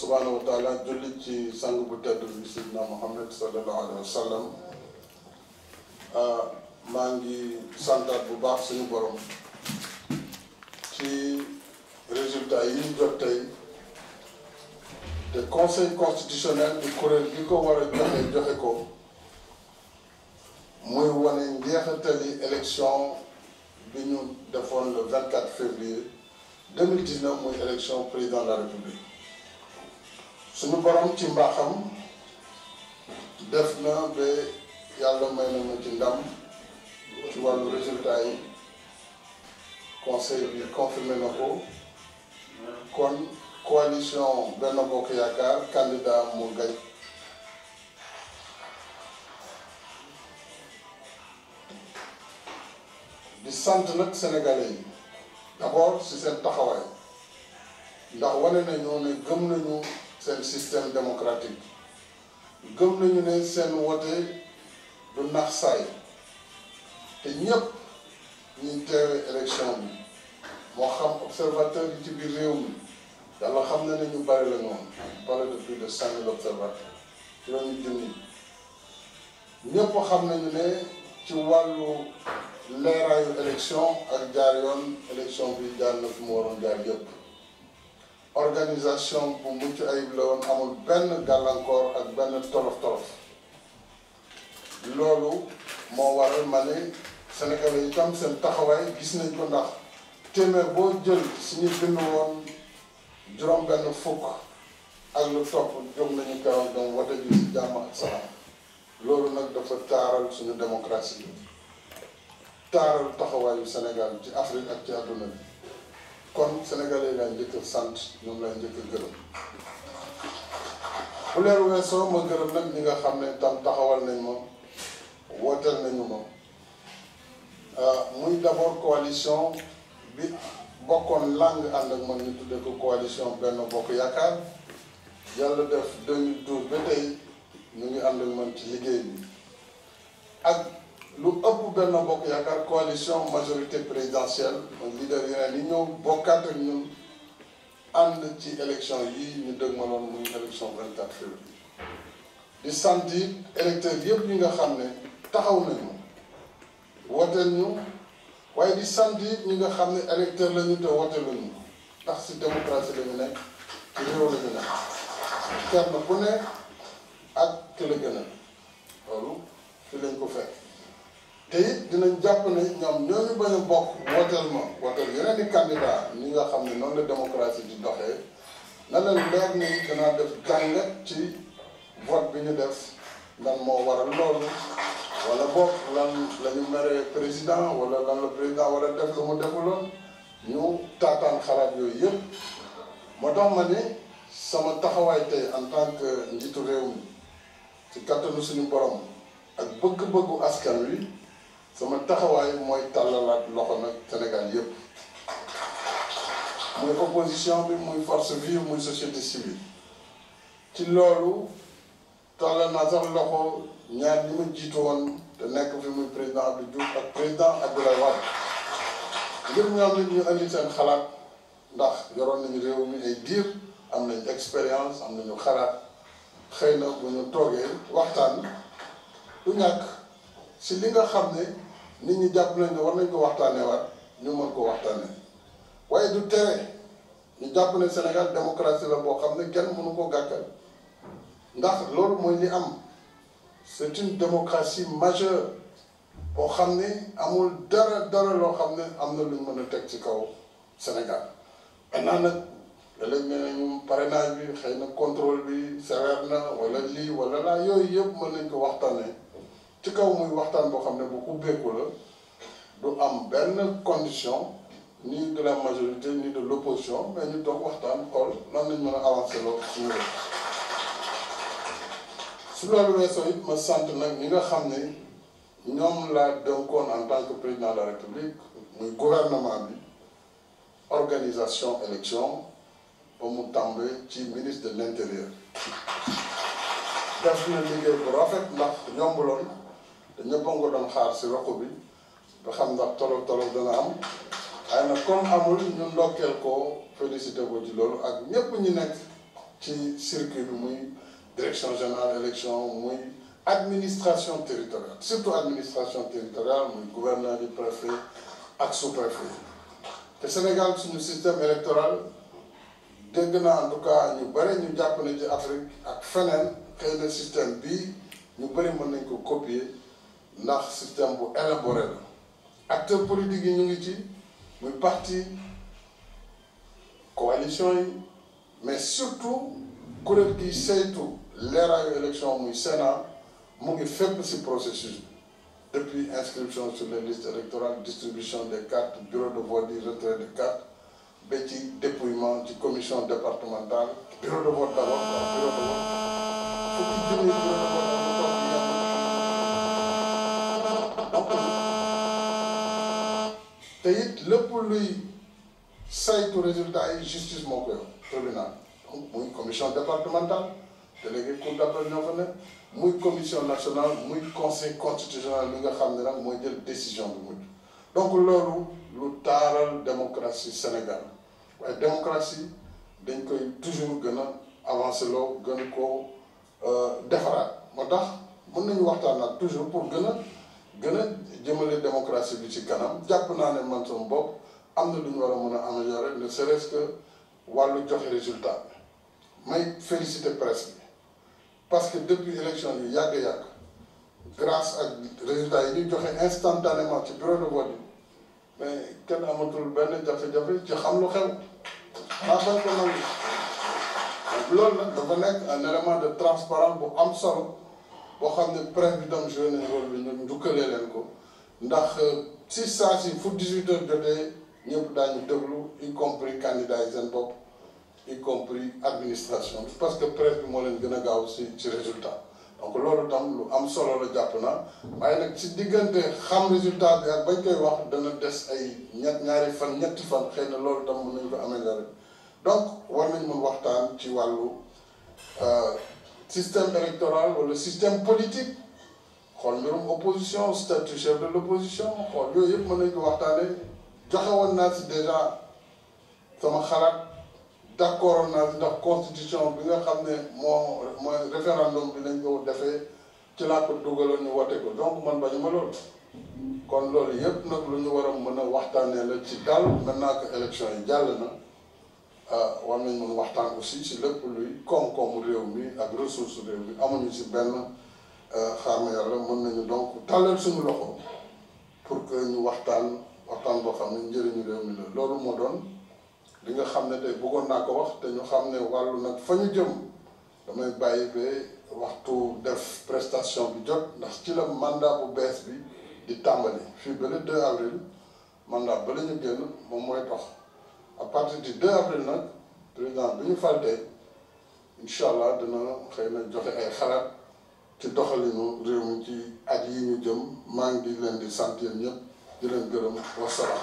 subhaanahu wa taala jullit ci sang bu tedd bi sayyidina Muhammad sallallahu alayhi wa sallam ah, maa ngi santaat bu baax suñu borom ci résultat yi ñu jot tey te conseil constitutionnel di kuréel gi ko war a joxe joxe ko muy wane njeexatali élection bi ñu defoon le 24 février 2019 muy élection président de la république suñu borom ci mbaaxam def na ba yàlla may na ma ci ndam ci wàllu résultat yi conseil bi confirmé na ko kon coalition Benno Bokk Yaakaar candidat mu gañ di sant nag sénégalais yi d'abord si seen taxawaay ndax wane nañoo ne gëm nañu seen système démocratique gëm nañu ne seen wote du nax saay te ñépp ñuy teewe élection bi moo xam observateur bi ci biir réew mi yàlla xam na ne ñu bari la ñoom pare de plus de cinq mille observateurs juróomi junni ñépp xam nañu ne ci wàllu leeraayu élection ak jaar yoon élection bi daal na fi mu waroon jaar yépp organisation bu mucc ayib la woon amul benn gàllankoor ak benn tolof tolof loolu moo waral ma ne sénégalais yi tam seen taxawaay gis nañ ko ndax téeméer boo jël suñu bind woon juróom benn fukk ak lu topp jóg nañu kaw dem wote si jàmm ak salaam loolu nag dafa taaral suñu démocratie bi taaral taxawaayu Sénégal ci Afrique ak ci àdduna bi kon sénégalais laay njëkk sant ñoom laay njëkk a gërëm bu leer weesoo ma gërëm nag ñi nga xam ne tam taxawal nañ ma wooteel nañu ma euh, muy d'abord coalition bi bokkoon langue ànd ak man ñu tuddee ko coalition Benno Bokk Yaakaar yàlla def 2012 ba tey ñu ngi ànd ak man ci liggéey bi ak. lu ëpp benn bokk yaakaar coalition majorité présidentielle mooy leader yeneen yi ñëw bokkaat ak ñun ànd ci élection yi ñu dëg maloon muy élection 24 février di sant électeur yëpp ñi nga xam ne taxaw nañu wooteel ñu waaye di sant it ñi nga xam ne électeur lañu te wooteeluñu ndax si démocratie la nekk ci réew la ñu nekk kenn ku ne te dinañ jàpp ni ñoom ñooñu bañ a bokk wooteel ma wooteel yeneen i candidat ñi nga xam ne noonu la démocratie di doxee na leen leer ni danaa def jàngat ci vote bi ñu def lan moo waral loolu wala boog lan la meree président wala lan la président war a def lu mu defuloon ñu taataan xalaat yooyu yëpp moo tax ma ni sama taxawaay tey en tant que njiitu réew mi ci kattanu suñu borom ak bëgg-bëggu askan wi sama taxawaay mooy tàllalaat loxo nag Sénégal yëpp muy opposition bi muy force vive muy société civile ci loolu tàllal naa sax loxo ñaar ñi ma jiitu woon te nekk fi muy président Abdou Diouf ak président Abdoulaye Wade ngir ñoom nit ñu indi seen xalaat ndax yoroon nañu réew mi ay diir am nañu expérience am nañu xalaat xëy na bu ñu toogee waxtaan du ñàkk si li nga xam ne nit ñi jàpp nañ ne war nañ ko waxtaanee waat ñu mën ko waxtaanee waaye du tere ñu jàpp ne Sénégal démocratie la boo xam ne kenn mënu ko gàkkal ndax loolu mooy li am c'est une démocratie majeure boo xam ne amul dara dara loo xam ne am na lu mën a teg ci kaw Sénégal maintenant nag léeg-léeg nee nañu parrainage bi xëy na control bi sévère na wala lii wala laa yooyu yëpp mën nañ ko waxtaanee. ci kaw muy waxtaan boo xam ne bu ubbeeku la du am benn condition ni de la majorité ni de l'opposition mais ñu toog waxtaan xool lan lañ mën a avancé loo suñu réew su loolu weesoo it ma sant nag ñi nga xam ne ñoom laa dénkoon koon tant que président de la république muy gouvernement bi organisation élection ba mu tàmbee ci ministre de l'intérieur def na liggéey bu rafet ndax yombuloon te ñëpp doon xaar si roq bi ba xam ndax tolof tolof dana am waaye nag comme amul ñu ndokkeel ko félicité ko ci loolu ak ñëpp ñu nekk ci circuit bi muy direction générale élection muy administration territoriale surtout administration territoriale muy gouverneur du préfet ak sous-préfet te Sénégal suñu système électoral dégg naa en tout ñu bëri ñu jàpp ne ci Afrique ak feneen xëy na système bii ñu bëri mën nañ ko copier ndax système bu élaboré la acteurs i yi ñu ngi ci muy parti coalition yi mais surtout kuréel gi saytu leeraayu élection muy Sénat mu ngi fépp ci processus bi depuis inscription sur les listes électorales distribution des cartes bureau de vote yi retrait des cartes ba ci dépouillement ci commission départementale bureau de vote d'abord bureau de vote fukki bureau de vote te it lépp luy saytu résultat yi justice moo koy tribunal donc muy commission départementale délégué cour d'appel ñoo fa nekk muy commission nationale muy conseil constitutionnel bi nga xam ne nag mooy jël décision bi mujj donc loolu lu taaral démocratie Sénégal waaye démocratie dañ koy toujours gën a avancer loo gën koo euh, defaraat moo tax mën nañu waxtaan nag toujours pour gën a gën a jëmale démocratie bi ci kanam jàpp naa ne man sama bopp am na lu ñu war a mën a améliorer ne serait-ce que wàllu joxe résultat may féliciter presse bi parce que depuis élection yi yàgg-yàgg grâce ak résultat yi ñu joxe instantanément ci bureau de vote yi mais kenn amatul benn jafe-jafe ci xam lu xew ah bañ ko nangu loolu nag dafa nekk un élément de transparence bu am solo boo xam ne presse bi tam joué nañ rôle bi ñu ndukkalee leen ko ndax si saa si fu 18 heures jotee ñëpp daañu déglu y compris candidats yi seen bopp y compris administration parce que presse bi moo leen gën a gaaw si ci résultat donc loolu tam lu am solo la jàpp na waaye nag si diggante xam résultat bi ak bañ koy wax dana des ay ñett ñaari fan ñetti fan xëy na loolu tam mën nañ ko améliorer donc war nañ mën waxtaan ci wàllu euh, système électoral wala système politique xool mbirum opposition statut de l'opposition xool yooyu yëpp mën nañ ko waxtaanee joxe woon naa si déjà sama xalaat d'accord naa si ndax constitution bi nga xam ne moo mooy référendum bi nañ ko defee ci laa ko dugaloon ñu wote ko donc man bañu ma loolu kon loolu yëpp nag lu ñu war a mën a waxtaanee la ci man naa que élection yi jàll na Euh, war nañ mën waxtaan aussi si lëpp luy koom-koomu réew mi ak ressource réew mi amuñu si benn euh, xaar ma yàlla mën nañu donc tàllal suñu loxo pour que ñu waxtaan waxtaan boo xam ne njëriñu réew mi la loolu moo doon li nga xam ne tey bëggoon naa ko wax te ñu xam ne wàllu nag fa ñu jëm damay bàyyi ba waxtu def prestation bi jot ndax ci la mandat bu bees bi di tàmbali fii ba le 2 avril ba la ñu génn moom mooy tax. à partir du 2 avril nag président bi ñu falte incha allah dina xëy na joxe ay xalaat ci doxalinu réew mi ci at yi ñu jëm maa ngi leen di sant yéen ñëpp di leen gërëm wasalaam